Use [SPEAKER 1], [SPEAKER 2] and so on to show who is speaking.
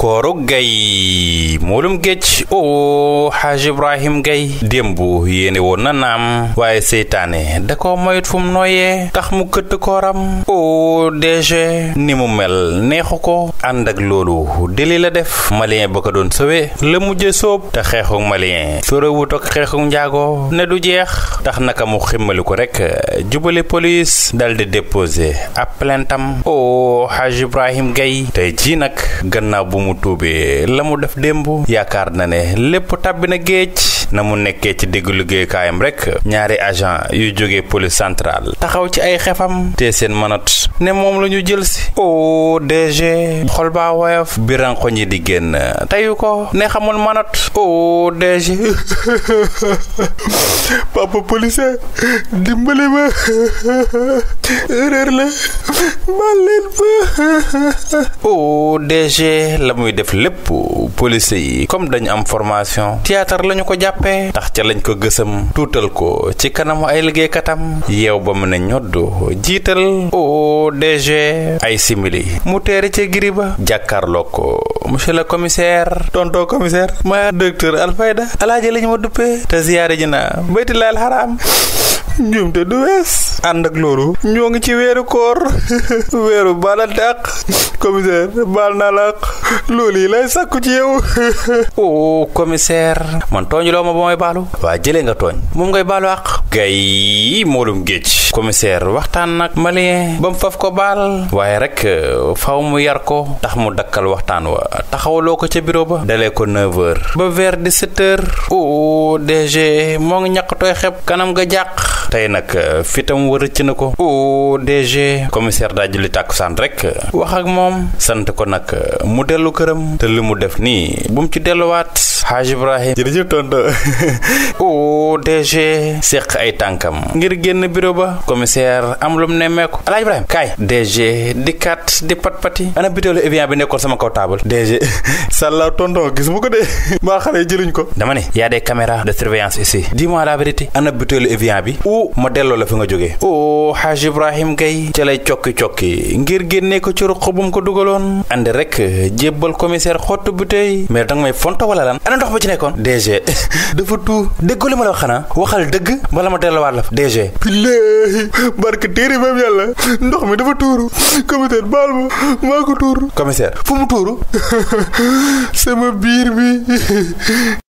[SPEAKER 1] kooru gay moolum géej o xaaj ibrahim gay démb yéene woon na naam waaye seytaane da ko moyut fu mu nooyee tax mu këtt kooram o DG ni mu mel neexu ko ànd ak loolu deli la def malien ba ko doon sëwe la mujje sóob te xeexu malien sorewut ak xeexu njaago ne du jeex tax naka mu ximmali ko rek jubale police dal di ab plaintam o xaaj ibrahim gay tey jii nag gannaaw bu mu mu tuubee la mu def démb yaakaar na ne lépp tàbbi na géej na mu nekkee ci diggu liggéeykaayam rek ñaari agent yu jógee police centrale taxaw ci ay xefam te seen manat ne moom la ñu jël si o DG xol baa woyof biranko ñi di génn teyu ko ne xamul manot o DG papa police dimbali ma erreur la leen ba o DG la muy def lépp police yi comme dañu am formation théâtre lañu ko jàpp jàppe tax ca lañ ko gësam tuutal ko ci kanamu ay liggéeykatam yeew ba mën a ñoddu jiital ODG ay simili mu teere ca giri ba jàkkaarloo ko monsieur le commissaire tonton commissaire ma docteur Alfayda alaaji lañu ma duppee te ziyaare ji na baytilaal xaraam ñoom te du wees ànd ak loolu ñoo ngi ci weeru koor weeru bala dàq commissaire bal na laq loolu yi lay sakku ci yow oh commissaire man tooñ loo ma ba may baalu waa jëlee nga tooñ moom ngay baalu ak gay moolum géej commissaire waxtaan nag malien ba mu faf ko baal waaye rek euh, faw mu yar ko tax mu dakkal waxtaan wa taxawaloo ko ca bureau ba dalee ko 9h ba vers 17h oh DG moo ngi ñàkk tooy xeb kanam nga jàq tey nag euh, fitam wërëcc na ko ODG commissaire daa julli tàkkusaan rek euh, wax ak moom sant ko nag euh, mu dellu këram te li mu def nii bu mu ci delluwaat Haaj Ibrahim jërëjëf tonto ODG séq ay tànkam ngir génn bureau ba commissaire am lu mu nemmeeku Alaaji Ibrahim kaay DG di kat di pat pati ana butéelu Evian bi nekkoon sama kaw taabal DG sàllaaw tonton gis bu ko dee maa xale jëluñ ko dama ne y a des caméras de surveillance ici dis-moi bi ma delloo la fi nga jóge o oh, xaaj ibrahim gay ca lay cokki-cokki ngir génnee ko ci ruq bu mu ko dugaloon andi rek jébbal commissaire xottu bu tey mais danga may fonto wala lan ana ndox ba ci nekkoon DG dafa tuur déggoo li ma la wax xanaa waxal dëgg wala ma delluwaat la fa DG billahi barke téere maam yàlla ndox mi dafa tuuru commissaire baal ma maa ko fu mu tuuru sama biir bi